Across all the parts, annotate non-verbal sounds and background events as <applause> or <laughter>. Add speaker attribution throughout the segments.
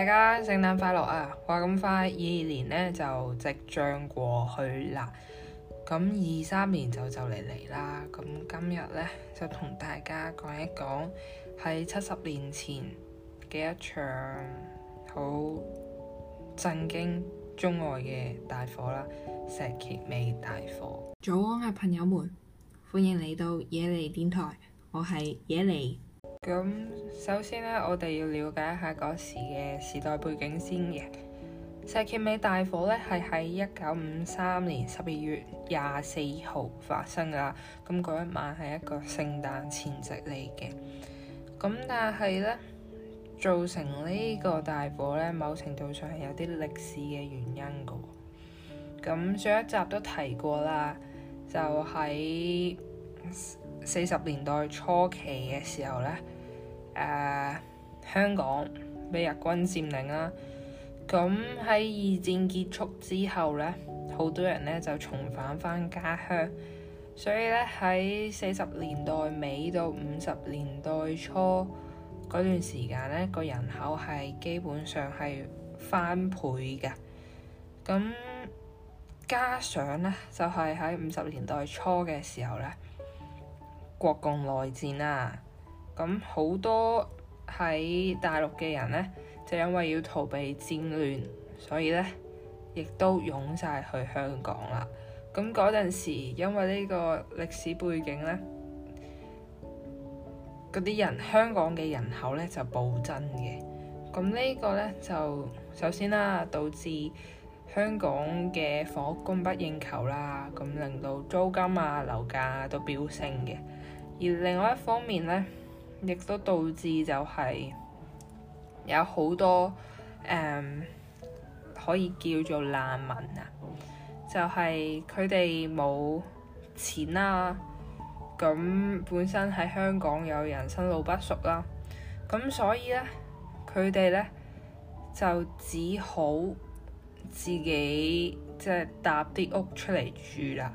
Speaker 1: 大家聖誕快樂啊！話咁快，二二年呢就即將過去啦，咁二三年就就嚟嚟啦。咁今日呢，就同大家講一講喺七十年前嘅一場好震驚中外嘅大火啦，石硤尾大火。大火早安啊，朋友們，歡迎嚟到野尼電台，我係野尼。咁首先呢，我哋要了解一下嗰時嘅時代背景先嘅。石硤美大火呢，係喺一九五三年十二月廿四號發生噶啦。咁嗰一晚係一個聖誕前夕嚟嘅。咁但係呢，造成呢個大火呢，某程度上係有啲歷史嘅原因噶。咁上一集都提過啦，就喺、是四十年代初期嘅時候呢，誒、呃、香港俾日軍佔領啦。咁喺二戰結束之後呢，好多人呢就重返返家鄉，所以呢，喺四十年代尾到五十年代初嗰段時間呢，個人口係基本上係翻倍嘅。咁加上呢，就係喺五十年代初嘅時候呢，國共內戰啊，咁、嗯、好多喺大陸嘅人呢，就因為要逃避戰亂，所以呢，亦都湧晒去香港啦。咁嗰陣時，因為呢個歷史背景呢，嗰啲人香港嘅人口呢，就暴增嘅。咁、嗯、呢、呢個呢，就首先啦，導致香港嘅房屋供不應求啦，咁、嗯、令到租金啊、樓價、啊、都飆升嘅。而另外一方面咧，亦都導致就係有好多誒、嗯、可以叫做難民、就是、啊，就係佢哋冇錢啦，咁本身喺香港有人生路不熟啦、啊，咁所以咧佢哋咧就只好自己即係、就是、搭啲屋出嚟住啦，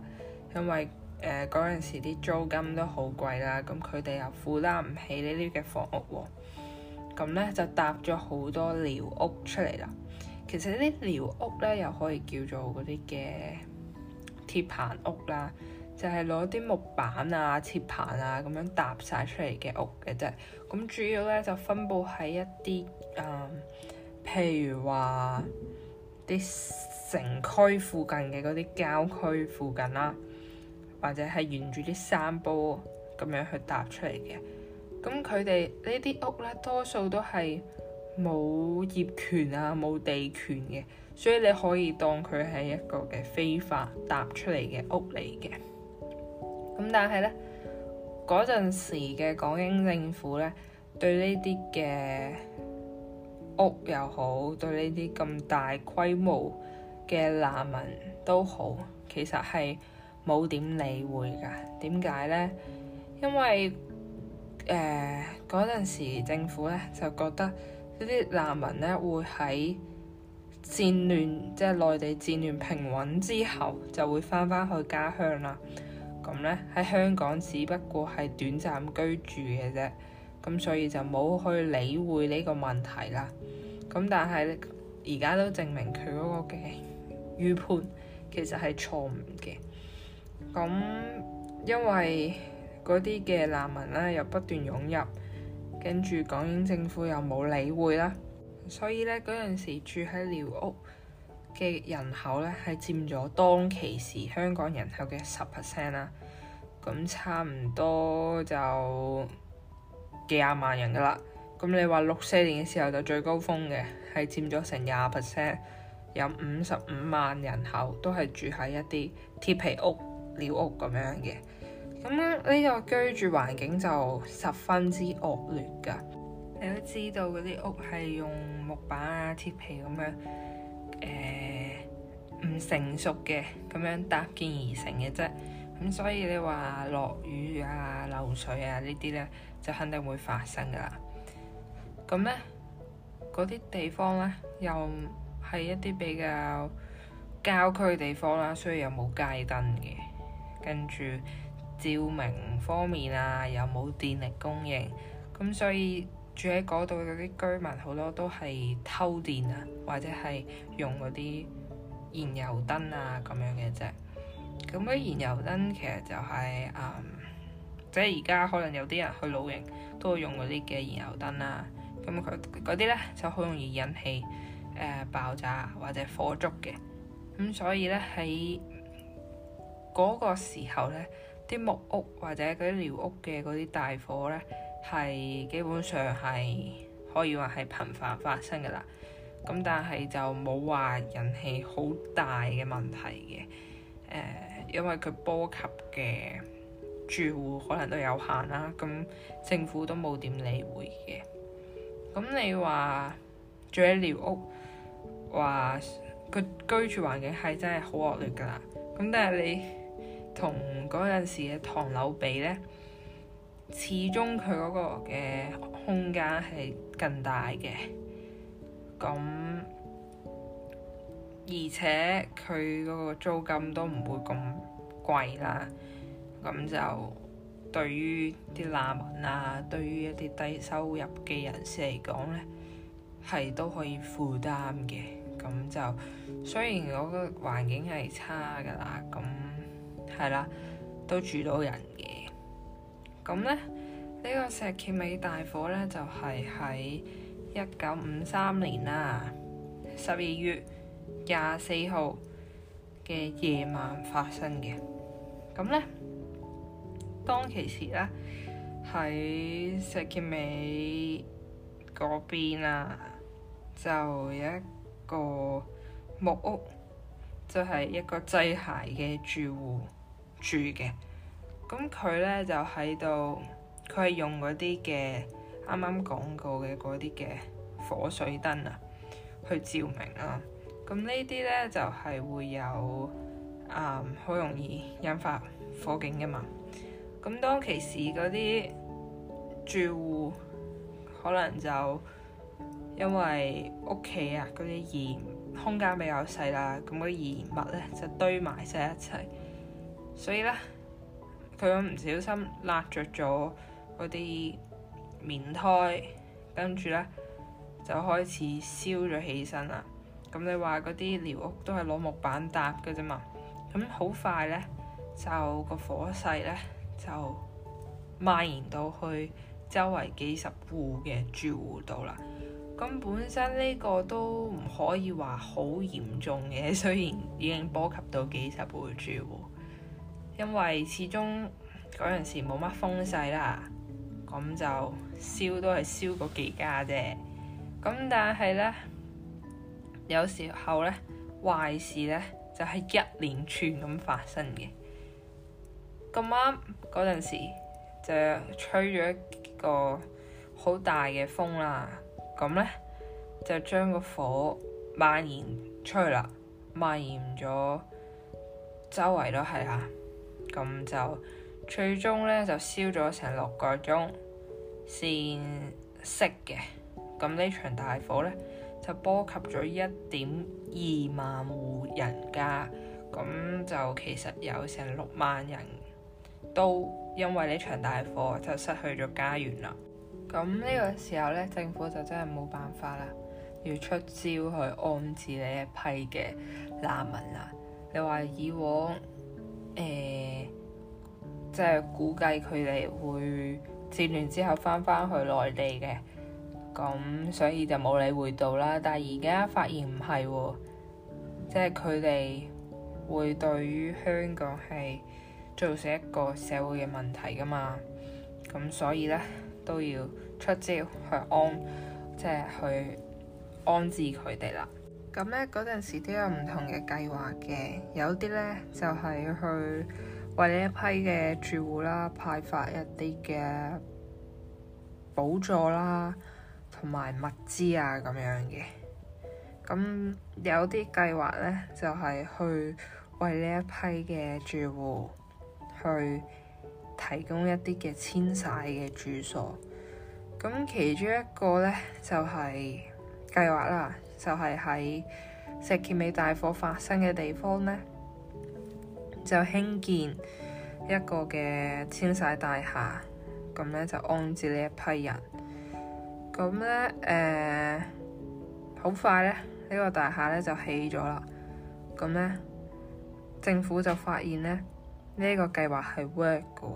Speaker 1: 因為誒嗰、呃、時啲租金都好貴啦，咁佢哋又負擔唔起呢啲嘅房屋喎、喔，咁呢就搭咗好多寮屋出嚟啦。其實呢啲寮屋呢，又可以叫做嗰啲嘅鐵棚屋啦，就係攞啲木板啊、鐵棚啊咁樣搭晒出嚟嘅屋嘅啫。咁主要呢，就分佈喺一啲、嗯、譬如話啲城區附近嘅嗰啲郊區附近啦。或者係沿住啲山坡咁樣去搭出嚟嘅。咁佢哋呢啲屋咧多數都係冇業權啊、冇地權嘅，所以你可以當佢係一個嘅非法搭出嚟嘅屋嚟嘅。咁但係咧，嗰陣時嘅港英政府咧，對呢啲嘅屋又好，對呢啲咁大規模嘅難民都好，其實係。冇點理會㗎。點解呢？因為誒嗰陣時政府咧就覺得嗰啲難民咧會喺戰亂，即係內地戰亂平穩之後就會翻返去家鄉啦。咁咧喺香港只不過係短暫居住嘅啫。咁所以就冇去理會呢個問題啦。咁但係而家都證明佢嗰個嘅預判其實係錯誤嘅。咁，因為嗰啲嘅難民咧又不斷湧入，跟住港英政府又冇理會啦，所以咧嗰陣時住喺寮屋嘅人口咧係佔咗當其時香港人口嘅十 percent 啦。咁差唔多就幾廿萬人噶啦。咁你話六四年嘅時候就最高峰嘅係佔咗成廿 percent，有五十五萬人口都係住喺一啲鐵皮屋。寮屋咁樣嘅，咁呢個居住環境就十分之惡劣㗎。你都知道嗰啲屋係用木板啊、鐵皮咁樣誒唔、欸、成熟嘅咁樣搭建而成嘅啫。咁所以你話落雨啊、漏水啊呢啲呢，就肯定會發生㗎啦。咁呢，嗰啲地方呢，又係一啲比較郊區嘅地方啦，所以又冇街燈嘅。跟住照明方面啊，又冇電力供應，咁所以住喺嗰度嗰啲居民好多都係偷電啊，或者係用嗰啲燃油燈啊咁樣嘅啫。咁嗰啲燃油燈其實就係、啊、嗯，即係而家可能有啲人去露營都會用嗰啲嘅燃油燈啦、啊。咁佢嗰啲咧就好容易引起、呃、爆炸或者火燭嘅。咁所以咧喺嗰個時候呢啲木屋或者嗰啲寮屋嘅嗰啲大火呢，係基本上係可以話係頻繁發生噶啦。咁但係就冇話人氣好大嘅問題嘅，呃，因為佢波及嘅住戶可能都有限啦。咁政府都冇點理會嘅。咁你話住喺寮屋，話佢居住環境係真係好惡劣噶啦。咁但係你同嗰陣時嘅唐樓比咧，始終佢嗰個嘅空間係更大嘅。咁而且佢嗰個租金都唔會咁貴啦。咁就對於啲難民啊，對於一啲低收入嘅人士嚟講咧，係都可以負擔嘅。咁就雖然嗰個環境係差噶啦，咁。係啦，都住到人嘅。咁咧，呢、這個石硤美大火咧，就係喺一九五三年啊十二月廿四號嘅夜晚發生嘅。咁咧，當其時咧喺石硤美嗰邊啊，就有一個木屋，就係、是、一個製鞋嘅住戶。住嘅，咁佢咧就喺度，佢係用嗰啲嘅啱啱講過嘅嗰啲嘅火水燈啊，去照明啊，咁呢啲咧就係、是、會有啊，好、嗯、容易引發火警嘅嘛。咁當其時嗰啲住戶可能就因為屋企啊嗰啲燃空間比較細啦，咁嗰啲燃物咧就堆埋晒一齊。所以咧，佢唔小心辣着咗嗰啲棉胎，跟住咧就開始燒咗起身啦。咁你話嗰啲寮屋都係攞木板搭嘅啫嘛？咁好快咧，就個火勢咧就蔓延到去周圍幾十戶嘅住戶度啦。咁本身呢個都唔可以話好嚴重嘅，雖然已經波及到幾十戶住戶。因為始終嗰陣時冇乜風勢啦，咁就燒都係燒嗰幾家啫。咁但係咧，有時候咧，壞事咧，就係一連串咁發生嘅。咁啱嗰陣時就吹咗一個好大嘅風啦，咁咧就將個火蔓延出去啦，蔓延咗周圍都係啊！咁就最終咧就燒咗成六個鐘先熄嘅，咁呢場大火咧就波及咗一點二萬戶人家，咁就其實有成六萬人都因為呢場大火就失去咗家園啦。咁呢個時候咧，政府就真係冇辦法啦，要出招去安置呢一批嘅難民啦。你話以往？誒、呃，即係估計佢哋會戰亂之後翻返去內地嘅，咁所以就冇理會到啦。但係而家發現唔係喎，即係佢哋會對於香港係造成一個社會嘅問題㗎嘛，咁所以呢都要出招去安，即係去安置佢哋啦。咁咧嗰陣時都有唔同嘅計劃嘅，有啲咧就係去為呢一批嘅住戶啦派發一啲嘅補助啦，同埋物資啊咁樣嘅。咁有啲計劃咧就係去為呢一批嘅住戶去提供一啲嘅遷徙嘅住所。咁其中一個咧就係計劃啦。就係喺石硤尾大火發生嘅地方咧，就興建一個嘅徙置大廈，咁咧就安置呢一批人。咁咧，誒、呃，好快咧，呢、這個大廈咧就起咗啦。咁咧，政府就發現咧，呢、這個計劃係 work 嘅，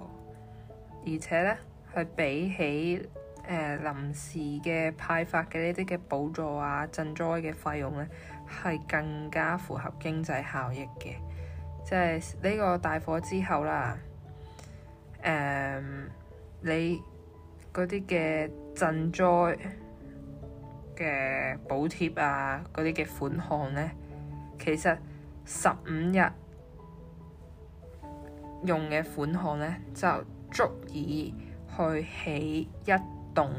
Speaker 1: 而且咧，係比起，誒、呃、臨時嘅派發嘅呢啲嘅補助啊、賑災嘅費用咧，係更加符合經濟效益嘅。即係呢個大火之後啦，誒、嗯，你嗰啲嘅賑災嘅補貼啊，嗰啲嘅款項咧，其實十五日用嘅款項咧就足以去起一。棟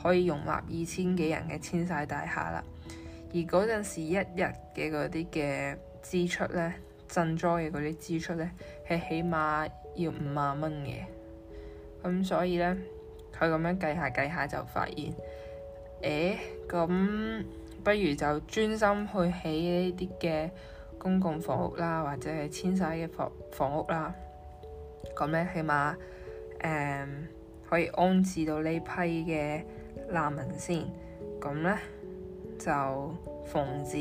Speaker 1: 可以容納二千幾人嘅遷徙大廈啦，而嗰陣時一日嘅嗰啲嘅支出呢，賑災嘅嗰啲支出呢，係起碼要五萬蚊嘅。咁所以呢，佢咁樣計下計下就發現，誒、欸，咁不如就專心去起呢啲嘅公共房屋啦，或者係遷徙嘅房房屋啦。咁呢，起碼誒。嗯可以安置到呢批嘅難民先，咁呢，就防止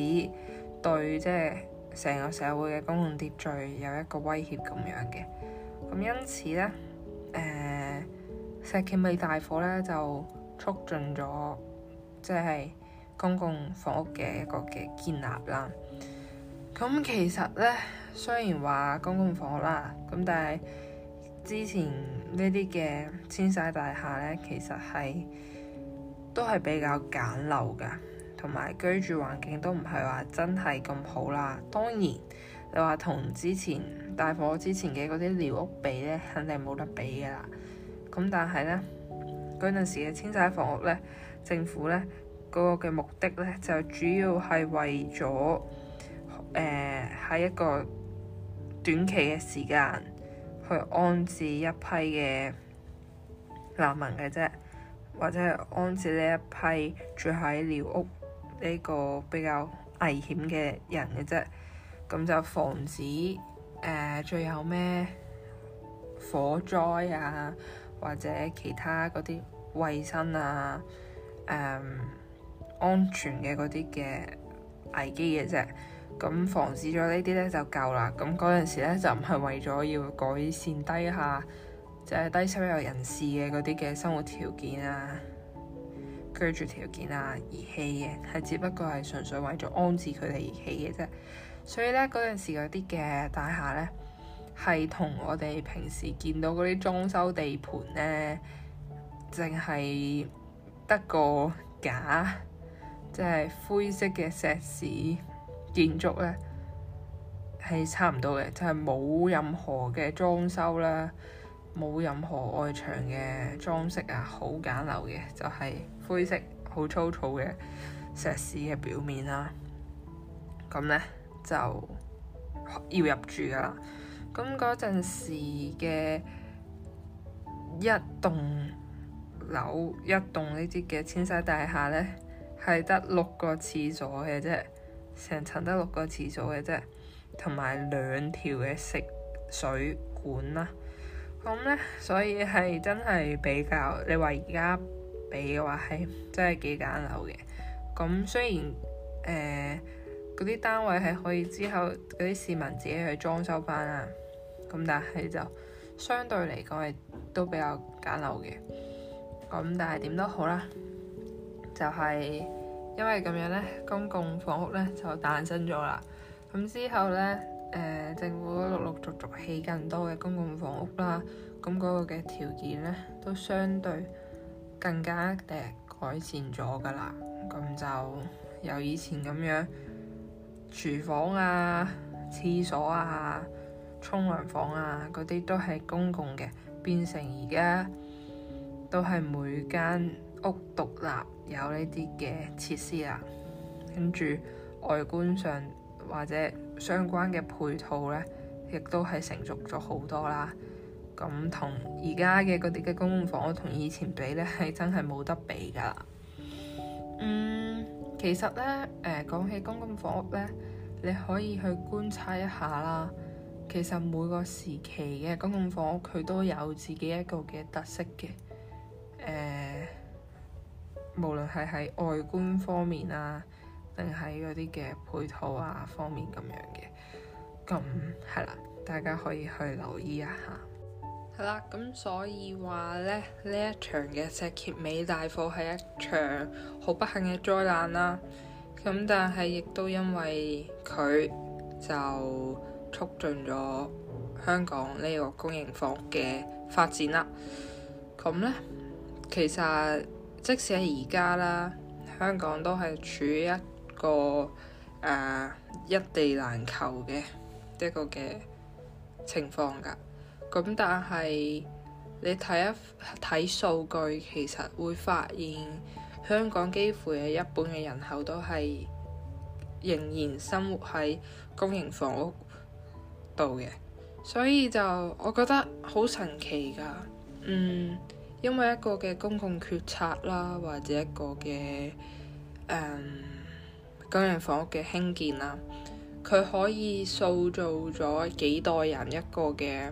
Speaker 1: 對即係成個社會嘅公共秩序有一個威脅咁樣嘅。咁因此呢，誒、呃、石硤美大火呢，就促進咗即係公共房屋嘅一個嘅建立啦。咁其實呢，雖然話公共房屋啦，咁但係，之前呢啲嘅徙置大廈呢，其實係都係比較簡陋噶，同埋居住環境都唔係話真係咁好啦。當然，你話同之前大火之前嘅嗰啲寮屋比呢，肯定冇得比噶啦。咁但係呢，嗰陣時嘅徙置房屋呢，政府呢，嗰、那個嘅目的呢，就主要係為咗誒喺一個短期嘅時間。去安置一批嘅難民嘅啫，或者係安置呢一批住喺寮屋呢個比較危險嘅人嘅啫，噉就防止誒最後咩火災啊，或者其他嗰啲衛生啊、誒、嗯、安全嘅嗰啲嘅危機嘅啫。咁防止咗呢啲咧就夠啦。咁嗰陣時咧就唔係為咗要改善低下即係、就係、低收入人士嘅嗰啲嘅生活條件啊、居住條件啊而起嘅，係只不過係純粹為咗安置佢哋而起嘅啫。所以咧嗰陣時嗰啲嘅大廈咧係同我哋平時見到嗰啲裝修地盤咧，淨係得個架，即、就、係、係、灰色嘅石屎。建築咧係差唔多嘅，就係、是、冇任何嘅裝修啦，冇任何外牆嘅裝飾啊，好簡陋嘅，就係、是、灰色、好粗糙嘅石屎嘅表面啦。咁咧就要入住噶啦。咁嗰陣時嘅一棟樓一棟呢啲嘅千禧大廈咧，係得六個廁所嘅啫。成層得六個廁所嘅啫，同埋兩條嘅食水管啦。咁、嗯、咧、嗯，所以係真係比較你比較話而家比嘅話係真係幾簡陋嘅。咁、嗯、雖然誒嗰啲單位係可以之後嗰啲市民自己去裝修翻啦，咁、嗯、但係就相對嚟講係都比較簡陋嘅。咁、嗯、但係點都好啦，就係、是。因為咁樣咧，公共房屋咧就誕生咗啦。咁之後咧，誒、呃、政府陸陸陸續續起更多嘅公共房屋啦。咁嗰個嘅條件咧都相對更加誒改善咗㗎啦。咁就由以前咁樣廚房啊、廁所啊、沖涼房啊嗰啲都係公共嘅，變成而家都係每間。屋獨立有呢啲嘅設施啦，跟住外觀上或者相關嘅配套呢，亦都係成熟咗好多啦。咁同而家嘅嗰啲嘅公共房屋同以前比呢，係真係冇得比噶啦。嗯，其實呢，誒、呃，講起公共房屋呢，你可以去觀察一下啦。其實每個時期嘅公共房屋佢都有自己一個嘅特色嘅誒。呃無論係喺外觀方面啊，定係嗰啲嘅配套啊方面咁樣嘅，咁係啦，大家可以去留意一下。係啦，咁、嗯、所以話咧，呢一場嘅石硤美大火係一場好不幸嘅災難啦。咁但係亦都因為佢就促進咗香港呢個公營房嘅發展啦。咁咧，其實、啊。即使喺而家啦，香港都係處於一個誒、呃、一地難求嘅一個嘅情況㗎。咁但係你睇一睇數據，其實會發現香港幾乎有一半嘅人口都係仍然生活喺公營房屋度嘅，所以就我覺得好神奇㗎。嗯。因為一個嘅公共決策啦，或者一個嘅誒公營房屋嘅興建啦，佢可以塑造咗幾代人一個嘅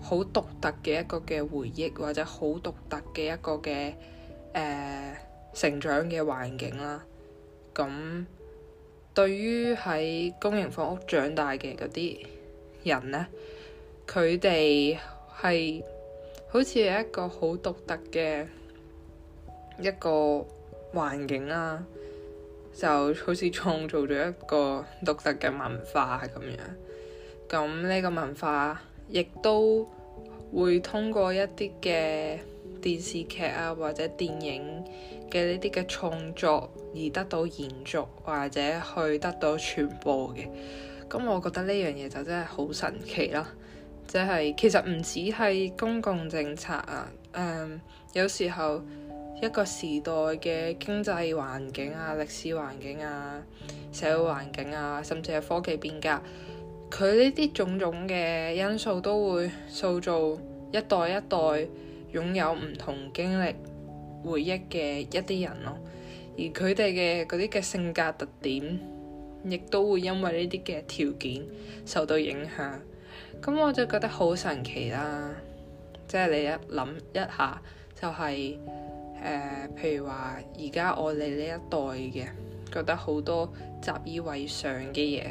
Speaker 1: 好獨特嘅一個嘅回憶，或者好獨特嘅一個嘅誒、呃、成長嘅環境啦。咁、嗯、對於喺公營房屋長大嘅嗰啲人咧，佢哋係。好似係一個好獨特嘅一個環境啦、啊，就好似創造咗一個獨特嘅文化咁樣。咁呢個文化亦都會通過一啲嘅電視劇啊，或者電影嘅呢啲嘅創作而得到延續，或者去得到傳播嘅。咁我覺得呢樣嘢就真係好神奇啦～即係、就是、其實唔止係公共政策啊，誒、嗯、有時候一個時代嘅經濟環境啊、歷史環境啊、社會環境啊，甚至係科技變革，佢呢啲種種嘅因素都會塑造一代一代擁有唔同經歷、回憶嘅一啲人咯、啊。而佢哋嘅嗰啲嘅性格特點，亦都會因為呢啲嘅條件受到影響。咁我就覺得好神奇啦，即係你一諗一下，就係、是呃、譬如話而家我哋呢一代嘅覺得好多習以為常嘅嘢，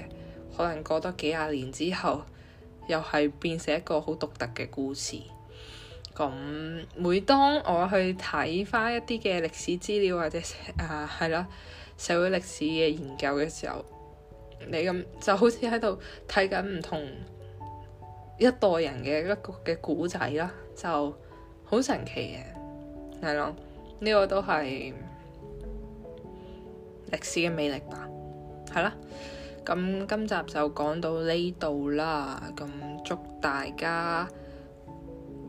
Speaker 1: 可能過多幾廿年之後，又係變成一個好獨特嘅故事。咁、嗯、每當我去睇翻一啲嘅歷史資料，或者啊係啦社會歷史嘅研究嘅時候，你咁就好似喺度睇緊唔同。一代人嘅一個嘅古仔啦，就好神奇嘅，係咯，呢個都係歷史嘅魅力吧，係啦。咁今集就講到呢度啦，咁祝大家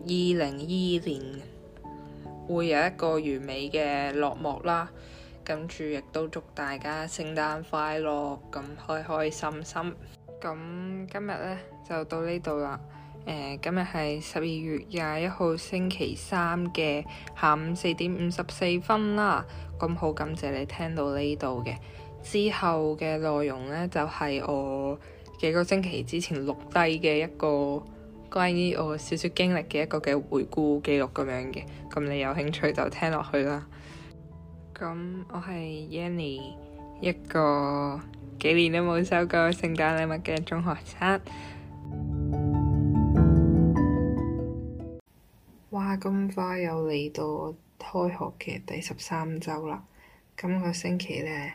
Speaker 1: 二零二二年會有一個完美嘅落幕啦，跟住亦都祝大家聖誕快樂，咁開開心心。咁今日呢。就到呢度啦。誒、呃，今日係十二月廿一號星期三嘅下午四點五十四分啦。咁好，感謝你聽到呢度嘅之後嘅內容呢，就係、是、我幾個星期之前錄低嘅一個關於我少少經歷嘅一個嘅回顧記錄咁樣嘅。咁你有興趣就聽落去啦。咁我係 Yanny，一個幾年都冇收過聖誕禮物嘅中學生。哇！咁快又嚟到開學嘅第十三週啦！今個星期咧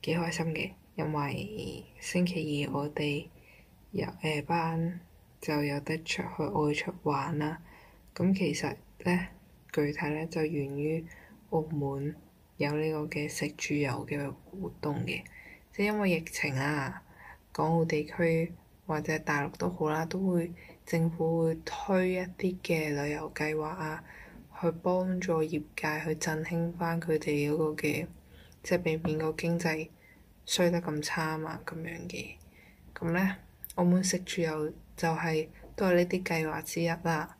Speaker 1: 幾開心嘅，因為星期二我哋有誒班就有得出去外出玩啦。咁、嗯、其實咧，具體咧就源於澳門有呢個嘅食住遊嘅活動嘅，即係因為疫情啊，港澳地區或者大陸都好啦，都會，政府會推一啲嘅旅遊計劃啊，去幫助業界去振興翻佢哋嗰個嘅，即係避免個經濟衰得咁差啊，咁樣嘅。咁呢，澳門食住遊就係都係呢啲計劃之一啦。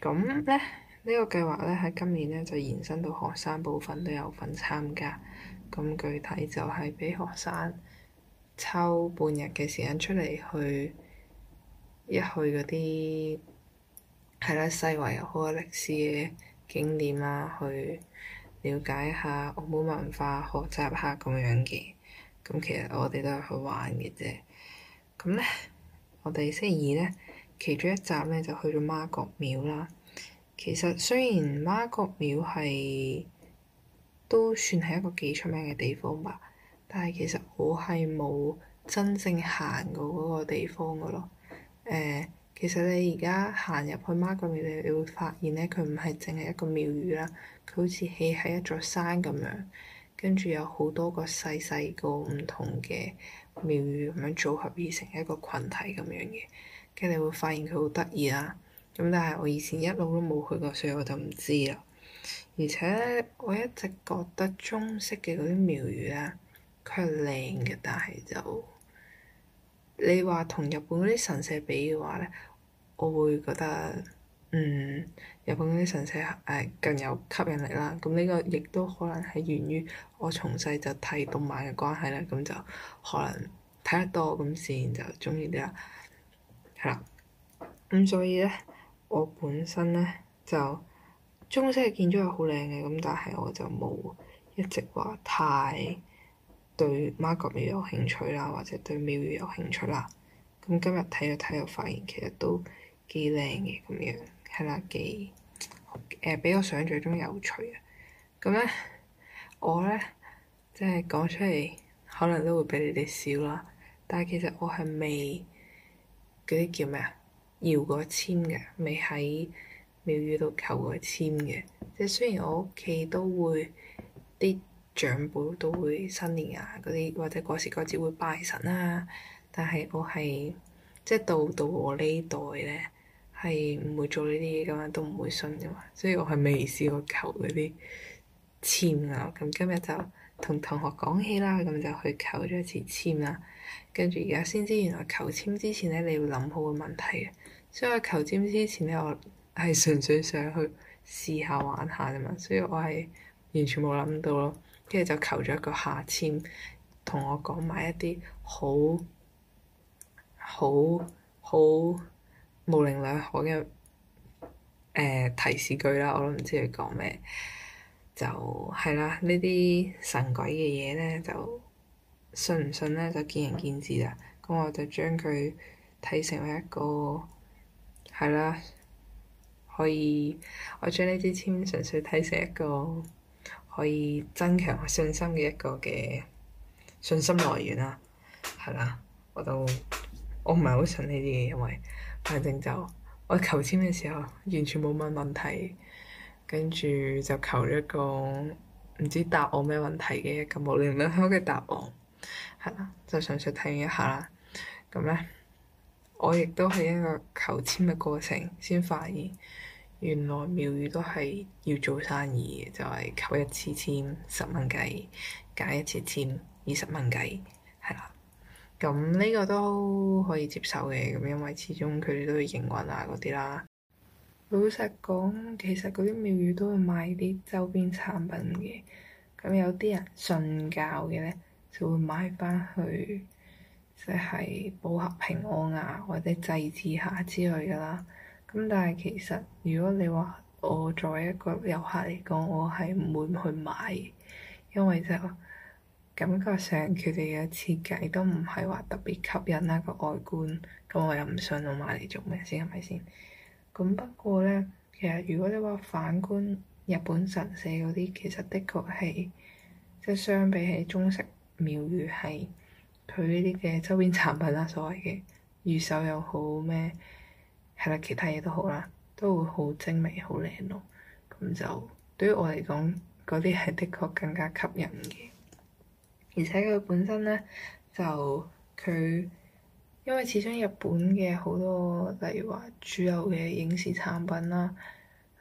Speaker 1: 咁咧呢呢個計劃呢，喺今年呢就延伸到學生部分都有份參加。咁具體就係俾學生抽半日嘅時間出嚟去。一去嗰啲係啦，西華有好多歷史嘅景點啦，去了解下澳門文化，學習下咁樣嘅咁。其實我哋都係去玩嘅啫。咁咧，我哋星期二咧其中一集咧就去咗媽閣廟啦。其實雖然媽閣廟係都算係一個幾出名嘅地方吧，但係其實我係冇真正行過嗰個地方嘅咯。誒、呃，其實你而家行入去媽閣廟，你會發現咧，佢唔係淨係一個廟宇啦，佢好似起喺一座山咁樣，跟住有好多個細細個唔同嘅廟宇咁樣組合而成一個群體咁樣嘅，跟住你會發現佢好得意啦。咁但係我以前一路都冇去過，所以我就唔知啦。而且咧，我一直覺得中式嘅嗰啲廟宇咧，佢係靚嘅，但係就～你話同日本嗰啲神社比嘅話咧，我會覺得，嗯，日本嗰啲神社誒、呃、更有吸引力啦。咁、嗯、呢、這個亦都可能係源於我從細就睇動漫嘅關係啦。咁、嗯、就可能睇得多，咁自然就鍾意啲啦。係、嗯、啦，咁所以咧，我本身咧就中式嘅建築係好靚嘅，咁但係我就冇一直話太。對媽閣廟有興趣啦，或者對廟宇有興趣啦。咁今日睇咗睇又發現，其實都幾靚嘅咁樣，係啦，幾誒比我想像中有趣啊。咁咧我咧即係講出嚟，可能都會俾你哋笑啦。但係其實我係未嗰啲叫咩啊？搖過籤嘅，未喺廟宇度求過籤嘅。即係雖然我屋企都會啲。長輩都會新年啊，嗰啲或者過時過節會拜神啦。但係我係即係到到我呢代咧，係唔會做呢啲嘢，嘅嘛，都唔會信嘅嘛。所以我係未試過求嗰啲籤啊。咁、嗯、今日就同同學講起啦，咁、啊嗯、就去求咗一次籤啦。跟住而家先知，原來求籤之前咧，你要諗好個問題。所以我求籤之前咧，我係純粹想去試下玩下啫嘛、啊。所以我係完全冇諗到咯。跟住就求咗一個下簽，同我講埋一啲好好好模棱兩可嘅誒提示句啦，我都唔知佢講咩，就係啦，呢啲神鬼嘅嘢咧，就信唔信咧就見仁見智啦。咁我就將佢睇成為一個係啦，可以我將呢支簽純粹睇成一個。可以增強信心嘅一個嘅信心來源啦，係啦，我都我唔係好信呢啲嘢，因為反正就我求簽嘅時候完全冇乜問，問題，跟住就求咗一個唔知答案咩問題嘅一個無釐兩毫嘅答案，係啦，就純粹睇一下啦，咁咧我亦都係一個求簽嘅過程先發現。原來廟宇都係要做生意嘅，就係、是、求一次籤十蚊雞，解一次籤二十蚊雞，係啦。咁呢個都可以接受嘅，咁因為始終佢哋都要營運啊嗰啲啦。老實講，其實嗰啲廟宇都會賣啲周邊產品嘅，咁有啲人信教嘅呢，就會買翻去，即、就、係、是、保合平安啊，或者祭祀下之類噶啦。咁但係其實，如果你話我作為一個遊客嚟講，我係唔會去買，因為就感覺上佢哋嘅設計都唔係話特別吸引啦，個外觀，咁我又唔信，我買嚟做咩先，係咪先？咁不，不過咧，其實如果你話反觀日本神社嗰啲，其實的確係，即係相比起中式廟宇係，佢呢啲嘅周邊產品啦，所謂嘅御守又好咩？係啦，其他嘢都好啦，都會好精美、好靚咯。咁就對於我嚟講，嗰啲係的確更加吸引嘅。而且佢本身咧，就佢因為始終日本嘅好多，例如話主流嘅影視產品啦，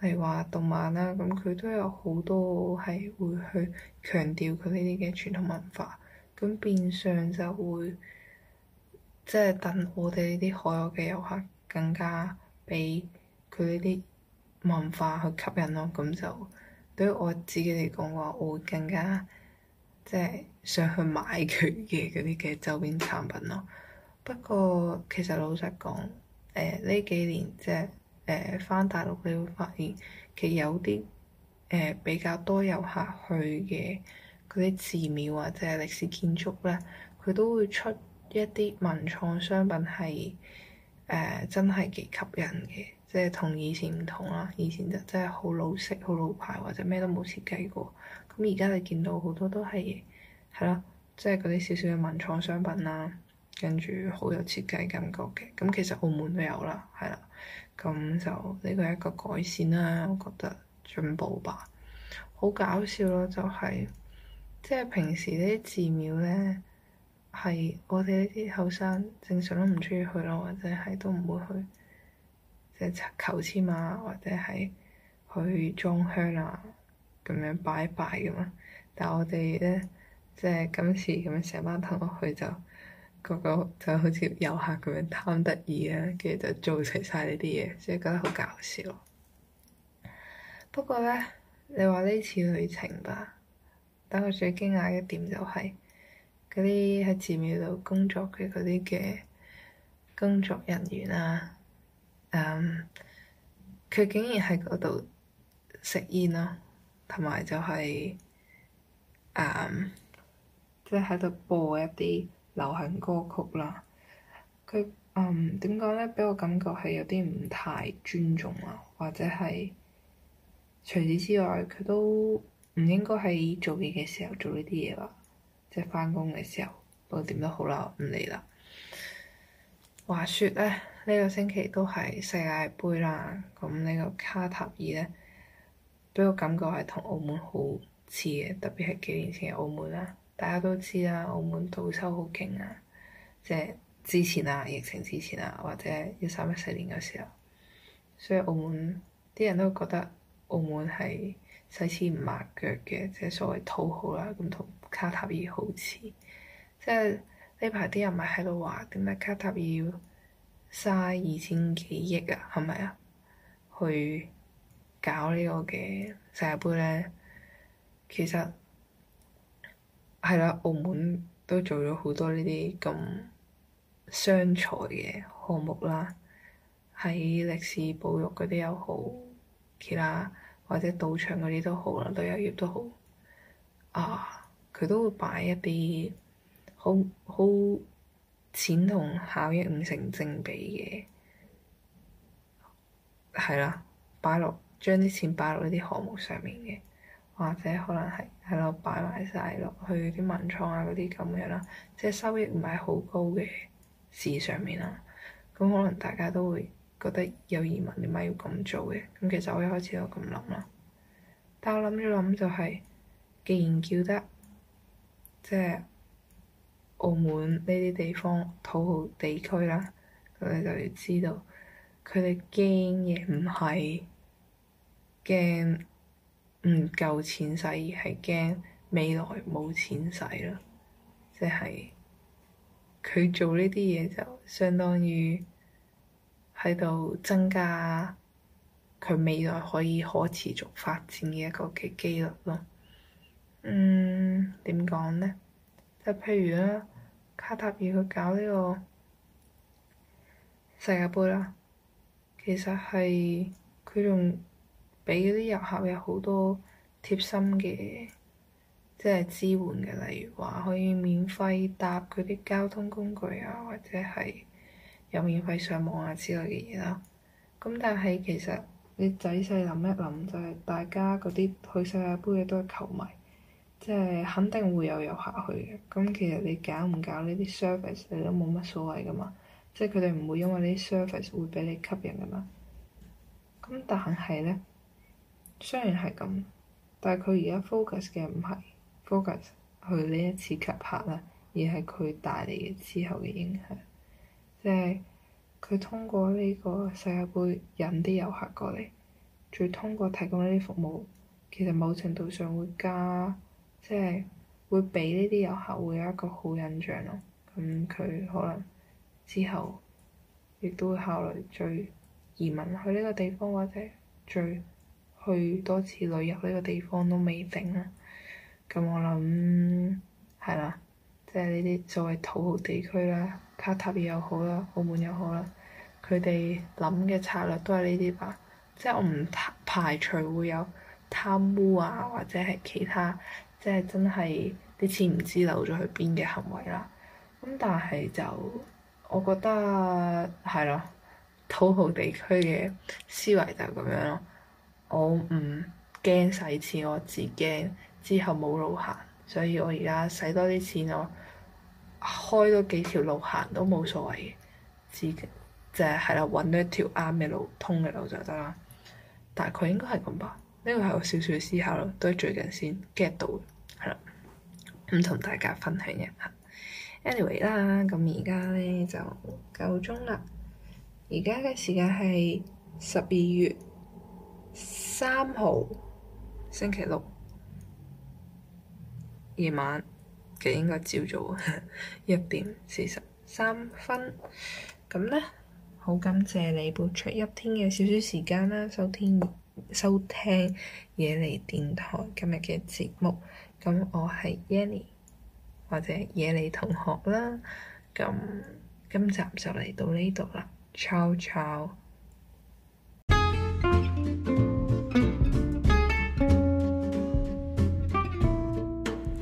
Speaker 1: 例如話動漫啦，咁佢都有好多係會去強調佢呢啲嘅傳統文化。咁變相就會，即係等我哋呢啲海外嘅遊客，更加俾佢呢啲文化去吸引咯，咁就對於我自己嚟講嘅話，我會更加即係想去買佢嘅嗰啲嘅周邊產品咯。不過其實老實講，誒、呃、呢幾年即係誒翻大陸，你會發現其實有啲誒、呃、比較多遊客去嘅嗰啲寺廟或者歷史建築咧，佢都會出一啲文創商品係。誒、呃、真係幾吸引嘅，即係同以前唔同啦。以前就真係好老式、好老牌，或者咩都冇設計過。咁而家你見到好多都係係啦，即係嗰啲少少嘅文創商品啦，跟住好有設計感覺嘅。咁其實澳門都有啦，係啦。咁就呢個一個改善啦，我覺得進步吧。好搞笑咯，就係、是、即係平時呢啲寺廟咧。係我哋呢啲後生，正常都唔中意去咯，或者係都唔會去即係、就是、求簽啊，或者係去裝香啊咁樣拜拜咁啊。但係我哋咧，即係今次咁樣成班同學去，就個個就好似遊客咁樣貪得意啦、啊，跟住就做齊晒呢啲嘢，所以覺得好搞笑。不過咧，你話呢次旅程吧，等我最驚訝一點就係、是、～嗰啲喺寺廟度工作嘅嗰啲嘅工作人員啦、啊，嗯，佢竟然喺嗰度食煙咯，同埋就係、是，嗯，即係喺度播一啲流行歌曲啦。佢，嗯，點講咧？俾我感覺係有啲唔太尊重啊，或者係除此之外，佢都唔應該喺做嘢嘅時候做呢啲嘢啦。即係翻工嘅時候，不過點都好啦，唔理啦。話説咧，呢、這個星期都係世界盃啦。咁呢個卡塔爾咧，俾我感覺係同澳門好似嘅，特別係幾年前嘅澳門啦、啊。大家都知啦、啊，澳門賭收好勁啊！即係之前啊，疫情之前啊，或者一三一四年嘅時候、啊，所以澳門啲人都覺得澳門係使錢唔抹腳嘅，即係所謂土豪啦咁同。卡塔爾好似即係呢排啲人咪喺度話點解卡塔爾要嘥二千幾億啊？係咪啊？去搞個呢個嘅世界盃咧，其實係啦，澳門都做咗好多呢啲咁傷財嘅項目啦。喺歷史保育嗰啲又好，其他或者賭場嗰啲都好啦，旅遊業都好啊。佢都會擺一啲好好錢同效益唔成正比嘅，係啦，擺落將啲錢擺落呢啲項目上面嘅，或者可能係係咯擺埋晒落去啲文創啊嗰啲咁樣啦，即係收益唔係好高嘅事上面啦。咁可能大家都會覺得有疑問，點解要咁做嘅？咁其實我一開始都咁諗啦，但係我諗咗諗就係、是，既然叫得。即係澳門呢啲地方土豪地區啦，佢哋就要知道，佢哋驚嘅唔係驚唔夠錢使，而係驚未來冇錢使啦。即係佢做呢啲嘢就相當於喺度增加佢未來可以可持續發展嘅一個嘅機率咯。嗯，點講呢？就譬如啦，卡塔爾佢搞呢個世界盃啦，其實係佢仲畀嗰啲遊客有好多貼心嘅，即係支援嘅。例如話可以免費搭佢啲交通工具啊，或者係有免費上網啊之類嘅嘢啦。咁但係其實 <music> 你仔細諗一諗，就係、是、大家嗰啲去世界盃嘅都係球迷。即係肯定會有遊客去嘅。咁其實你搞唔搞呢啲 service，你都冇乜所謂噶嘛。即係佢哋唔會因為呢啲 service 會俾你吸引噶嘛。咁但係咧，雖然係咁，但係佢而家 focus 嘅唔係 focus 去呢一次吸客啦，而係佢帶嚟嘅之後嘅影響，即係佢通過呢個世界盃引啲遊客過嚟，再通過提供呢啲服務，其實某程度上會加。即係會俾呢啲遊客會有一個好印象咯。咁佢可能之後亦都會考慮最移民去呢個地方嘅話，或者最去多次旅遊呢個地方都未定啦。咁我諗係啦，即係呢啲作為土豪地區啦，卡塔爾又好啦，澳門又好啦，佢哋諗嘅策略都係呢啲吧。即係我唔排除會有貪污啊，或者係其他。即係真係啲錢唔知流咗去邊嘅行為啦，咁但係就我覺得係咯，土豪地區嘅思維就係咁樣咯。我唔驚使錢，我只驚之後冇路行，所以我而家使多啲錢，我開多幾條路行都冇所謂嘅，只就係係啦，揾到一條啱嘅路通嘅路就得啦。大概應該係咁吧。呢個係我少少嘅思考咯，都係最近先 get 到，係啦，咁同大家分享一下。Anyway 啦，咁而家咧就夠鐘啦，而家嘅時間係十二月三號星期六夜晚嘅，應該朝早一點四十三分。咁咧好感謝你撥出一天嘅少少時間啦，收聽收聽野梨電台今日嘅節目，咁我係 Yanni 或者野梨同學啦。咁今集就嚟到呢度啦，ciao ciao。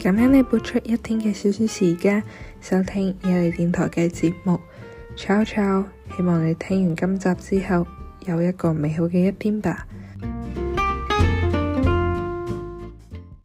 Speaker 1: 感恩你播出一天嘅少少時間，收聽野梨電台嘅節目，ciao ciao。希望你聽完今集之後有一個美好嘅一天吧。